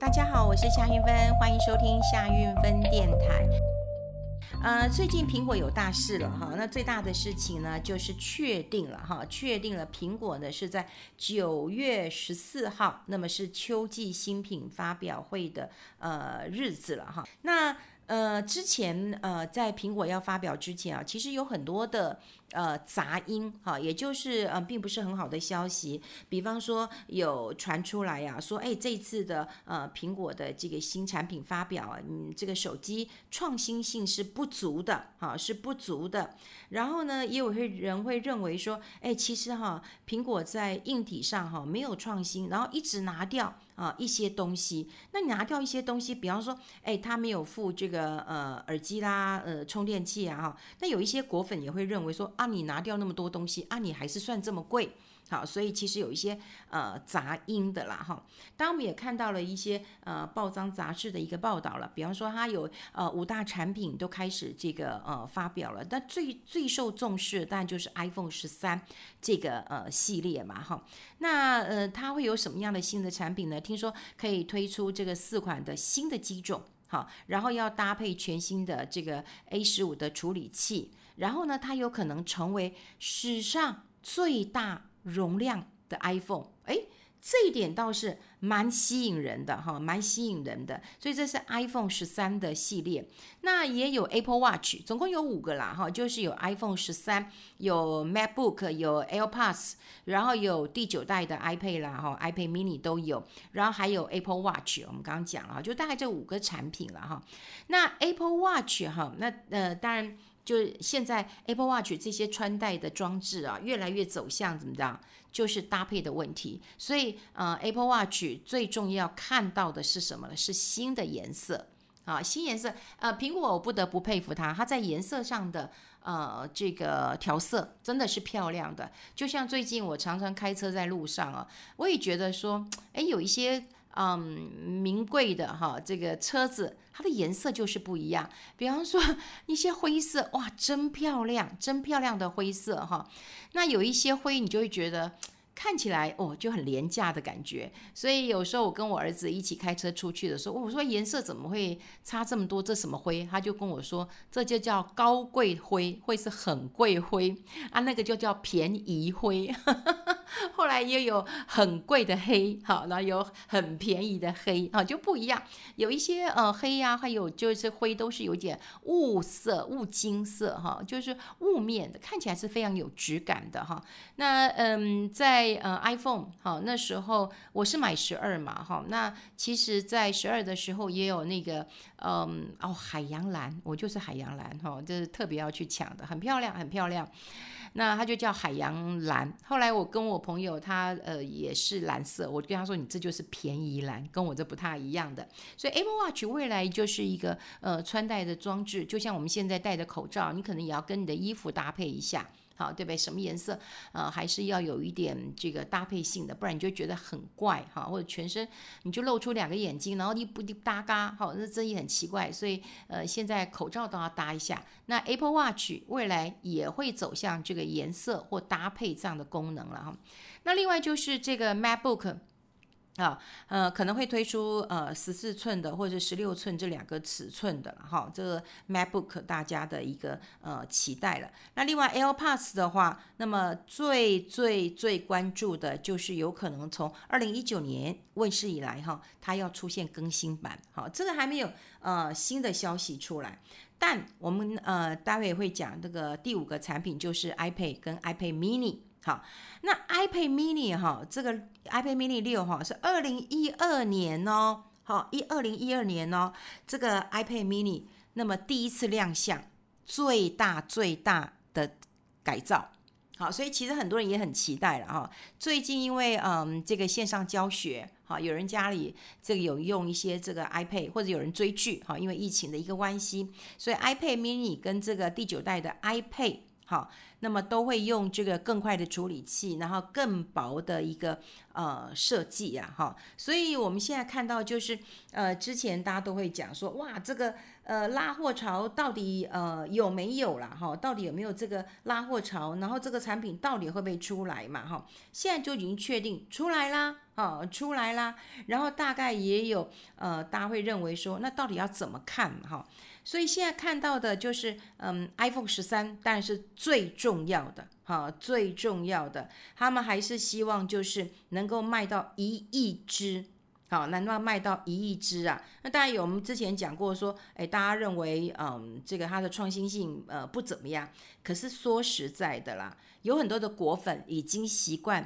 大家好，我是夏韻芬，歡迎收聽夏韻芬電台。呃，最近蘋果有大事了哈，那最大的事情呢，就是確定了哈，確定了蘋果呢是在九月十四號，那麼是秋季新品發表會的呃日子了哈。那呃之前呃在蘋果要發表之前啊，其實有很多的，呃，雜音哈，也就是呃，並不是很好的消息。比方說，有傳出來呀、啊，說，哎，這次的呃，蘋果的這個新產品發表啊，嗯，這個手機創新性是不足的，哈、啊，是不足的。然後呢，也有些人會認為說，哎，其實哈、啊，蘋果在硬體上哈、啊，沒有創新，然後一直拿掉。啊，一些東西，那你拿掉一些東西，比方說，哎、欸，他沒有附這個呃耳機啦，呃充電器啊哈，那有一些果粉也會認為說啊，你拿掉那麼多東西啊，你還是算這麼貴。好，所以其實有一些呃雜音的啦哈。當我們也看到了一些呃報章雜誌的一個報道了，比方說它有呃五大產品都開始這個呃發表了，但最最受重視當然就是 iPhone 13這個呃系列嘛哈。那呃它會有什麼樣的新的產品呢？聽說可以推出這個四款的新的機種哈，然後要搭配全新的這個 A15 的處理器，然後呢它有可能成為史上最大。容量的 iPhone，哎，這一點倒是蠻吸引人的哈，蠻吸引人的。所以這是 iPhone 十三的系列，那也有 Apple Watch，總共有五個啦哈，就是有 iPhone 十三，有 MacBook，有 AirPods，然後有第九代的 iPad 啦哈，iPad mini 都有，然後還有 Apple Watch，我們剛剛講了，就大概這五個產品了哈。那 Apple Watch 哈，那呃，當然。就是現在 Apple Watch 這些穿戴的裝置啊，越來越走向怎麼講？就是搭配的問題。所以，呃，Apple Watch 最重要看到的是什麼呢？是新的顏色啊，新顏色。呃，蘋果，我不得不佩服它，它在顏色上的呃這個調色真的是漂亮的。就像最近我常常開車在路上啊，我也覺得說，哎，有一些。嗯，名貴的哈，這個車子它的顏色就是不一樣。比方說一些灰色，哇，真漂亮，真漂亮的灰色哈。那有一些灰，你就會覺得看起來哦就很廉價的感覺。所以有時候我跟我兒子一起開車出去的時候，我，哦，說顏色怎麼會差這麼多？這什麼灰？他就跟我說，這就叫高貴灰，會是很貴灰啊，那個就叫便宜灰。 後來也有很貴的黑，哈，然後有很便宜的黑，啊，就不一樣。有一些呃黑呀、啊，還有就是灰，都是有點霧色、霧金色，哈，就是霧面的，看起來是非常有質感的，哈。那嗯，在呃 iPhone，哈，那時候我是買十二嘛，哈，那其實，在十二的時候也有那個，嗯，哦，海洋藍，我就是海洋藍，哈，就是特別要去搶的，很漂亮，很漂亮。那它就叫海洋藍。後來我跟我我朋友他呃也是藍色，我跟他說，你這就是便宜藍，跟我這不太一樣的。所以 Apple Watch 未來就是一個呃穿戴的裝置，就像我們現在戴的口罩，你可能也要跟你的衣服搭配一下。好，對不對？什麼顏色？呃，還是要有一點這個搭配性的，不然你就覺得很怪哈。或者全身你就露出兩個眼睛，然後你不你不搭嘎，好，那這也很奇怪。所以呃，現在口罩都要搭一下。那 Apple Watch 未來也會走向這個顏色或搭配這樣的功能了哈。那另外就是這個 MacBook。啊、哦，呃，可能會推出呃十四寸的或者十六寸這兩個尺寸的了，哈、哦，這個 MacBook 大家的一個呃期待了。那另外 AirPods 的話，那麼最最最關注的就是有可能從二零一九年問世以來，哈、哦，它要出現更新版，好、哦，這個還沒有呃新的消息出來，但我們呃待會會講這個第五個產品就是 iPad 跟 iPad Mini。好，那 iPad Mini 哈，這個 iPad Mini 六哈，是二零一二年哦，好，一二零一二年哦，這個 iPad Mini，那麼第一次亮相，最大最大的改造，好，所以其實很多人也很期待了哈。最近因為嗯這個線上教學哈，有人家裡這個有用一些這個 iPad，或者有人追劇哈，因為疫情的一個關係，所以 iPad Mini 跟這個第九代的 iPad。好，那麼都會用這個更快的處理器，然後更薄的一個呃設計啊，哈、哦，所以我們現在看到就是呃，之前大家都會講說，哇，這個呃拉貨潮到底呃有沒有啦，哈、哦，到底有沒有這個拉貨潮，然後這個產品到底會不會出來嘛，哈、哦，現在就已經確定出來啦，啊、哦，出來啦，然後大概也有呃，大家會認為說，那到底要怎麼看哈？哦所以現在看到的就是，嗯，iPhone 13，但是最重要的哈，最重要的，他們還是希望就是能夠賣到一億隻，好，難道賣到一億隻啊？那當然有，我們之前講過說，哎，大家認為，嗯，這個它的創新性呃不怎麼樣，可是說實在的啦，有很多的果粉已經習慣。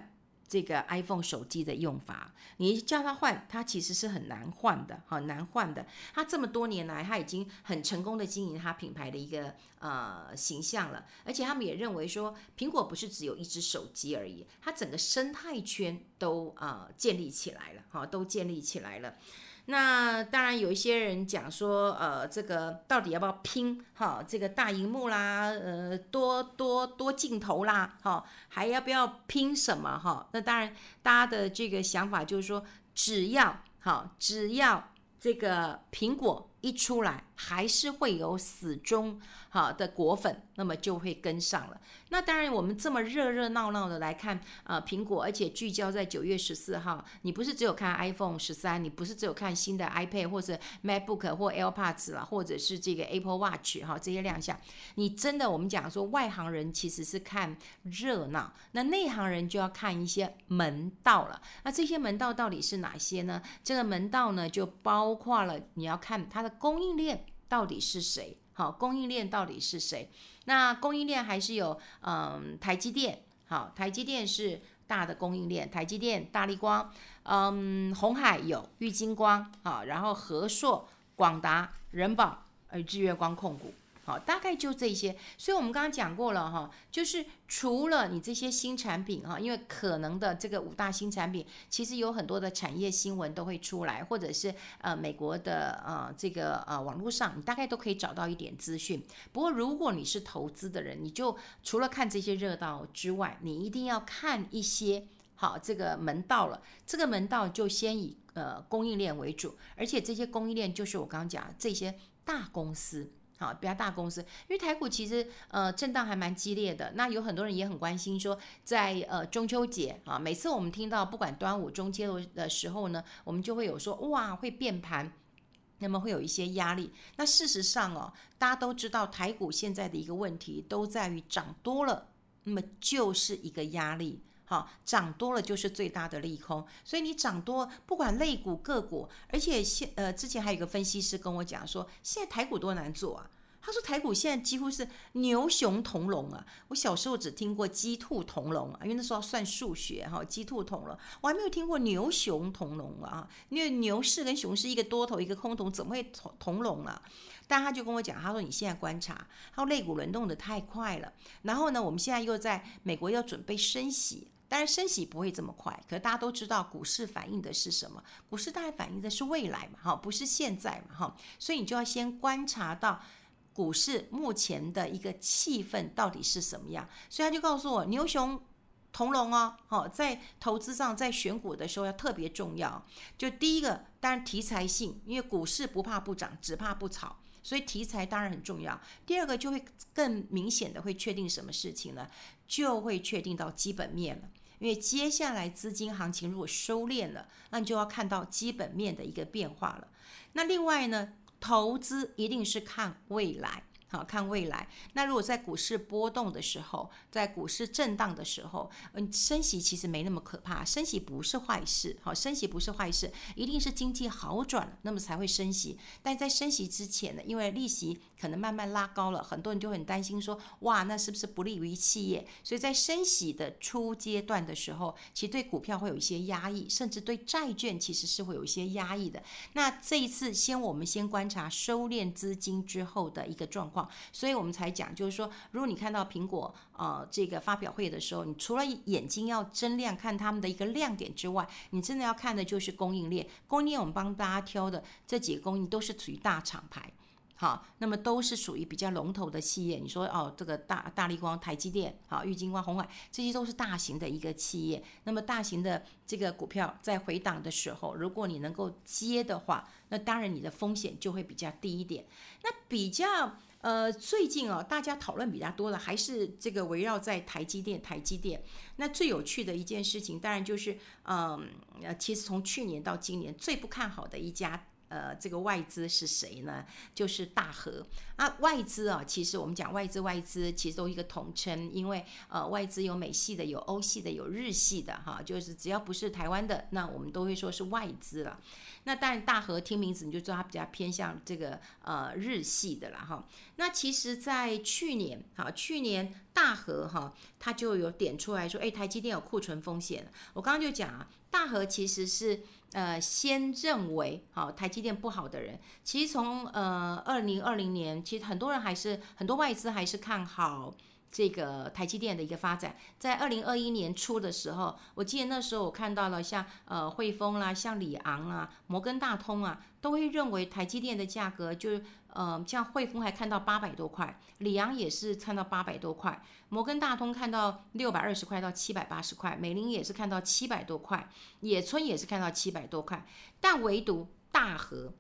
這個 iPhone 手機的用法，你叫他換，他其實是很難換的，很難換的。他這麼多年來，他已經很成功的經營他品牌的一個呃形象了，而且他們也認為說，蘋果不是只有一只手機而已，它整個生態圈都啊、呃、建立起來了，哈，都建立起來了。那當然有一些人講說，呃，這個到底要不要拼哈、哦？這個大熒幕啦，呃，多多多鏡頭啦，哈、哦，還要不要拼什麼哈、哦？那當然，大家的這個想法就是說，只要哈、哦，只要這個蘋果一出來。還是會有死忠哈的果粉，那麼就會跟上了。那當然，我們這麼熱熱鬧鬧的來看啊，蘋果，而且聚焦在九月十四號，你不是只有看 iPhone 十三，你不是只有看新的 iPad 或者 MacBook 或者 AirPods 了，或者是這個 Apple Watch 哈這些亮相。你真的，我們講說外行人其實是看熱鬧，那內行人就要看一些門道了。那這些門道到底是哪些呢？這個門道呢，就包括了你要看它的供應鏈。到底是誰？好，供應鏈到底是誰？那供應鏈還是有，嗯，台積電，好，台積電是大的供應鏈，台積電、大立光，嗯，鴻海有玉晶光，好，然後和碩、廣達、仁寶，還有日月光控股。好，大概就這些。所以我們剛剛講過了哈，就是除了你這些新產品哈，因為可能的這個五大新產品，其實有很多的產業新聞都會出來，或者是呃美國的呃這個呃網絡上，你大概都可以找到一點資訊。不過如果你是投資的人，你就除了看這些熱鬧之外，你一定要看一些好這個門道了。這個門道就先以呃供應鏈為主，而且這些供應鏈就是我剛剛講這些大公司。好，比較大公司，因為台股其實呃震盪還蠻激烈的，那有很多人也很關心說在，在呃中秋節啊，每次我們聽到不管端午、中秋的時候呢，我們就會有說哇會變盤，那麼會有一些壓力。那事實上哦，大家都知道台股現在的一個問題都在於漲多了，那麼就是一個壓力。好，漲多了就是最大的利空，所以你漲多，不管類股個股，而且現呃之前還有一個分析師跟我講說，現在台股多難做啊，他說台股現在幾乎是牛熊同籠，啊，我小時候只聽過雞兔同籠啊，因為那時候算數學哈，雞兔同籠，我還沒有聽過牛熊同籠啊，因為牛市跟熊市一個多頭一個空頭，怎麼會同同籠啊？但他就跟我講，他說你現在觀察，他說類股輪動的太快了，然後呢，我們現在又在美國要準備升息。當然，升息不會這麼快。可是大家都知道，股市反映的是什麼？股市大概反映的是未來嘛，哈，不是現在嘛，哈。所以你就要先觀察到股市目前的一個氣氛到底是什麼樣。所以他就告訴我，牛熊同籠哦，哦，在投資上，在選股的時候要特別重要。就第一個，當然題材性，因為股市不怕不漲，只怕不炒，所以題材當然很重要。第二個，就會更明顯的會確定什麼事情呢？就會確定到基本面了。因為接下來資金行情如果收斂了，那你就要看到基本面的一個變化了。那另外呢，投資一定是看未來，好，看未來。那如果在股市波動的時候，在股市震盪的時候，嗯，升息其實沒那麼可怕，升息不是壞事，好，升息不是壞事，一定是經濟好轉了，那麼才會升息。但在升息之前呢，因為利息。可能慢慢拉高了，很多人就很擔心說：“哇，那是不是不利於企業？”所以在升息的初階段的時候，其實對股票會有一些壓抑，甚至對債券其實是會有一些壓抑的。那這一次，先我們先觀察收斂資金之後的一個狀況，所以我們才講，就是說，如果你看到蘋果啊，呃，這個發表會的時候，你除了眼睛要睜亮看他們的一個亮點之外，你真的要看的就是供應鏈。供應鏈我們幫大家挑的這幾個供應都是屬於大廠牌。好，那麼都是屬於比較龍頭的企業。你說哦，這個大大立光、台積電、好玉晶光、鴻海，這些都是大型的一個企業。那麼大型的這個股票在回檔的時候，如果你能夠接的話，那當然你的風險就會比較低一點。那比較呃，最近哦，大家討論比較多的，還是這個圍繞在台積電。台積電那最有趣的一件事情，當然就是嗯、呃，其實從去年到今年最不看好的一家。呃，這個外資是誰呢？就是大和啊，外資啊，其實我們講外資，外資其實都一個統稱，因為呃，外資有美系的，有歐系的，有日系的哈，就是只要不是台灣的，那我們都會說是外資了。那當然大和聽名字你就知道它比較偏向這個呃日系的了哈。那其實，在去年啊，去年大和哈，它就有點出來說，哎，台積電有庫存風險。我剛剛就講啊，大和其實是。呃，先認為好台積電不好的人，其實，從呃二零二零年，其實很多人還是很多外資還是看好。這個台積電的一個發展，在二零二一年初的時候，我記得那時候我看到了像呃匯豐啦、啊、像里昂啦、啊、摩根大通啊，都會認為台積電的價格就是呃，像匯豐還看到八百多塊，里昂也是看到八百多塊，摩根大通看到六百二十塊到七百八十塊，美林也是看到七百多塊，野村也是看到七百多塊，但唯獨大和，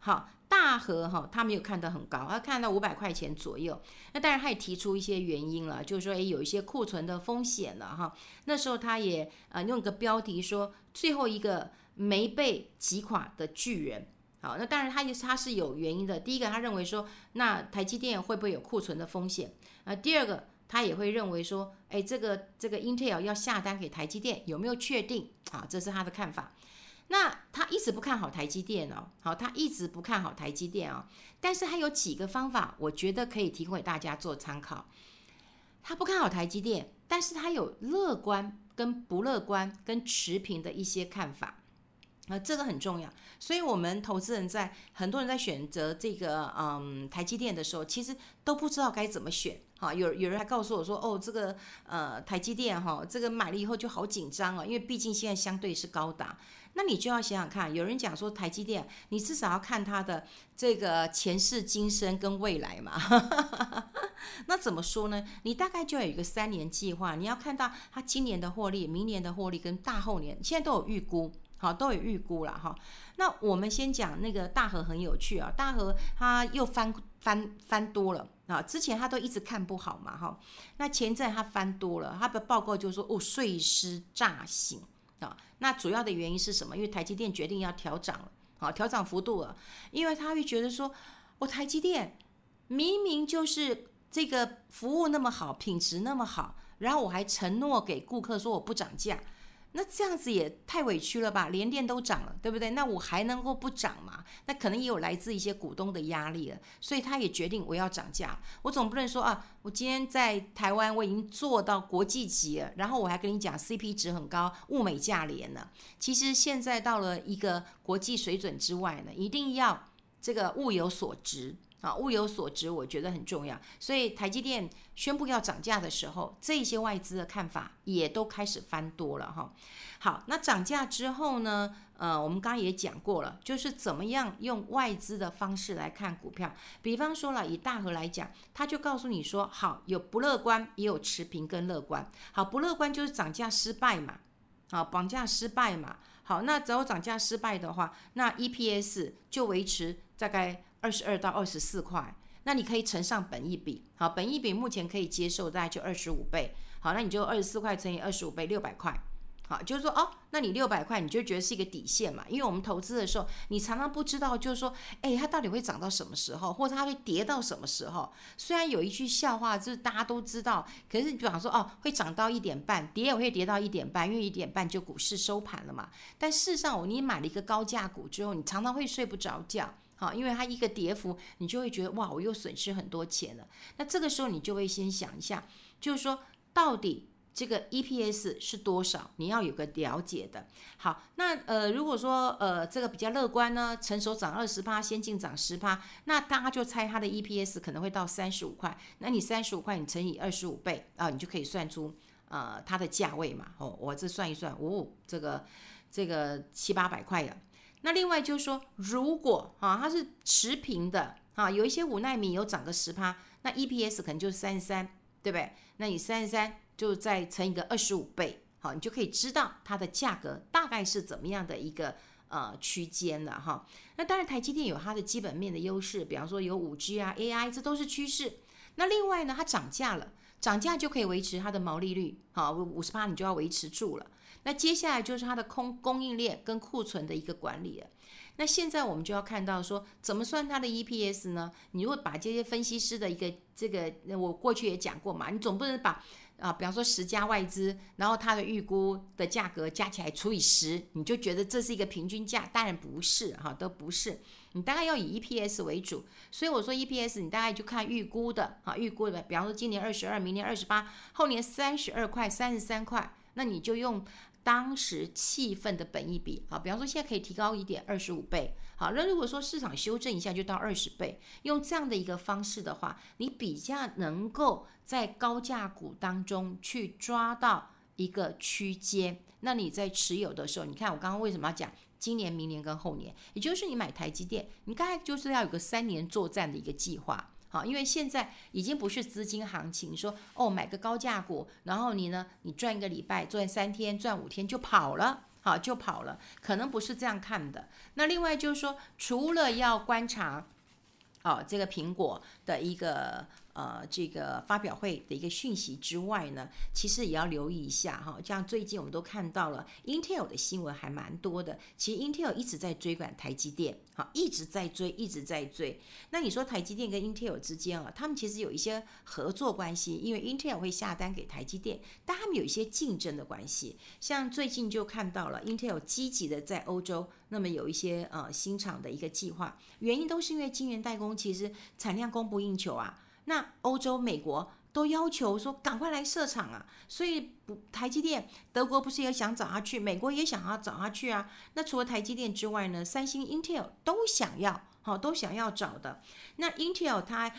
好。大和哈，他沒有看得很高，他看到五百塊錢左右。那當然他也提出一些原因了，就是說，誒，有一些庫存的風險了哈。那時候他也呃用一個標題說最後一個沒被擠垮的巨人。好，那當然他也他是有原因的。第一個他認為說，那台積電會不會有庫存的風險？啊？第二個他也會認為說，誒、欸，這個這個 Intel 要下單給台積電有沒有確定？啊，這是他的看法。那他一直不看好台積電哦，好，他一直不看好台積電哦，但是他有幾個方法，我覺得可以提供給大家做參考。他不看好台積電，但是他有樂觀跟不樂觀跟持平的一些看法，啊，這個很重要。所以，我們投資人在很多人在選擇這個嗯台積電的時候，其實都不知道該怎麼選。好，有有人還告訴我說，哦，這個呃，台積電哈、哦，這個買了以後就好緊張哦，因為畢竟現在相對是高達。那你就要想想看，有人講說台積電，你至少要看它的這個前世今生跟未來嘛。哈哈哈哈，那怎麼說呢？你大概就有一個三年計劃，你要看到它今年的獲利、明年的獲利跟大後年，現在都有預估，好，都有預估了哈。那我們先講那個大和，很有趣啊，大和它又翻翻翻多了。啊，之前他都一直看不好嘛，哈。那前陣他翻多了，他的報告就說哦，睡獅乍醒啊。那主要的原因是什麼？因為台積電決定要調漲了，啊，調漲幅度了。因為他會覺得說，我、哦、台積電明明就是這個服務那麼好，品質那麼好，然後我還承諾給顧客說我不漲價。那這樣子也太委屈了吧，聯電都漲了，對不對？那我還能夠不漲嗎？那可能也有來自一些股東的壓力了，所以他也決定我要漲價。我總不能說啊，我今天在台灣我已經做到國際級了，然後我還跟你講 CP 值很高，物美價廉呢。其實現在到了一個國際水準之外呢，一定要這個物有所值。啊，物有所值，我覺得很重要。所以台積電宣布要漲價的時候，這些外資的看法也都開始翻多了哈。好，那漲價之後呢？呃，我們剛剛也講過了，就是怎麼樣用外資的方式來看股票。比方說啦，以大和來講，他就告訴你說，好，有不樂觀，也有持平跟樂觀。好，不樂觀就是漲價失敗嘛，好，綁架失敗嘛。好，那只要漲價失敗的話，那 EPS 就維持大概。二十二到二十四塊，那你可以乘上本益比。好，本益比目前可以接受，大概就二十五倍，好，那你就二十四塊乘以二十五倍，六百塊，好，就是說哦，那你六百塊，你就覺得是一個底線嘛，因為我們投資的時候，你常常不知道，就是說，哎，它到底會漲到什麼時候，或者它會跌到什麼時候？雖然有一句笑話，就是大家都知道，可是你比方說哦，會漲到一點半，跌也會跌到一點半，因為一點半就股市收盤了嘛。但事實上，你買了一個高價股之後，你常常會睡不着覺。好，因為它一個跌幅，你就會覺得哇，我又損失很多錢了。那這個時候你就會先想一下，就是說到底這個 EPS 是多少，你要有個了解的。好，那呃，如果說呃這個比較樂觀呢，成熟漲二十趴，先進漲十趴，那大家就猜它的 EPS 可能會到三十五塊。那你三十五塊，你乘以二十五倍啊，你就可以算出呃它的價位嘛。哦，我這算一算，嗚、哦，這個這個七八百塊了。那另外就是說，如果哈它是持平的哈，有一些五奈米有漲個十趴，那 EPS 可能就是三十三，對不對？那你三十三就再乘一個二十五倍，好，你就可以知道它的價格大概是怎麼樣的一個呃區間了哈。那當然台積電有它的基本面的優勢，比方說有五 G 啊、AI，這都是趨勢。那另外呢，它漲價了，漲價就可以維持它的毛利率，好，五十趴你就要維持住了。那接下來就是它的空供，供應鏈跟庫存的一個管理了。那現在我們就要看到說，怎麼算它的 EPS 呢？你如果把這些分析師的一個這個，我過去也講過嘛，你總不能把啊，比方說十家外資，然後它的預估的價格加起來除以十，你就覺得這是一個平均價？當然不是哈，都不是。你大概要以 EPS 為主，所以我說 EPS 你大概就看預估的哈，預估的，比方說今年二十二，明年二十八，後年三十二塊、三十三塊，那你就用。當時氣氛的本益比啊，比方說現在可以提高一點，二十五倍。好，那如果說市場修正一下，就到二十倍。用這樣的一個方式的話，你比較能夠在高價股當中去抓到一個區間。那你在持有的時候，你看我剛剛為什麼要講今年、明年跟後年？也就是你買台積電，你大概就是要有個三年作戰的一個計劃。因為現在已經不是資金行情，說哦，買個高價股，然後你呢，你賺一個禮拜，賺三天，賺五天就跑了，好，就跑了，可能不是這樣看的。那另外就是說，除了要觀察。啊、哦，這個蘋果的一個呃，這個發表會的一個訊息之外呢，其實也要留意一下哈。像最近我們都看到了，Intel 的新聞還蠻多的。其實 Intel 一直在追趕台積電，好，一直在追，一直在追。那你說台積電跟 Intel 之間啊，他們其實有一些合作關係，因為 Intel 會下單給台積電，但他們有一些競爭的關係。像最近就看到了，Intel 積極的在歐洲。那麼有一些呃新廠的一個計劃，原因都是因為晶圓代工其實產量供不應求啊。那歐洲、美國都要求說，趕快來設廠啊。所以台積電、德國不是也想找他去，美國也想要找他去啊。那除了台積電之外呢，三星、Intel 都想要，好，都想要找的。那 Intel 他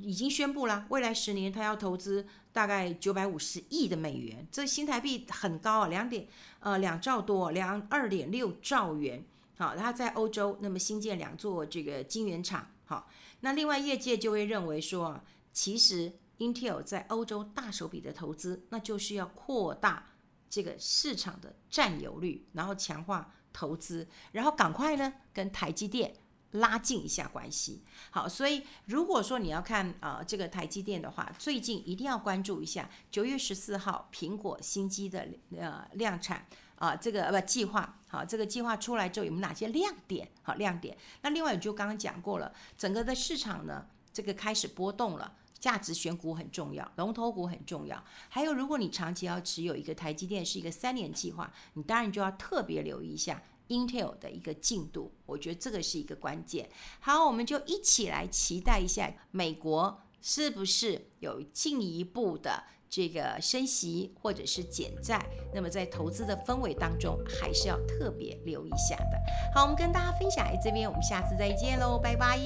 已經宣佈了，未來十年他要投資大概九百五十億的美元，這新台幣很高啊，兩點呃兩兆多、啊，兩二點六兆元。好，他在歐洲，那麼新建兩座這個晶圓廠。好，那另外業界就會認為說啊，其實 Intel 在歐洲大手筆的投資，那就是要擴大這個市場的佔有率，然後強化投資，然後趕快呢跟台積電拉近一下關係。好，所以如果說你要看啊，呃，這個台積電的話，最近一定要關注一下九月十四號蘋果新機的呃量產。啊，這個呃不計劃，好、啊，這個計劃出來之後，有沒有哪些亮點？好，亮點。那另外，我就剛剛講過了，整個的市場呢，這個開始波動了，價值選股很重要，龍頭股很重要。還有，如果你長期要持有一個台積電，是一個三年計劃，你當然就要特別留意一下 Intel 的一個進度。我覺得這個是一個關鍵。好，我們就一起來期待一下，美國是不是有進一步的。這個升息或者是減債，那麼在投資的氛圍當中，還是要特別留意一下的。好，我們跟大家分享，這邊，我們下次再見嘍，拜拜。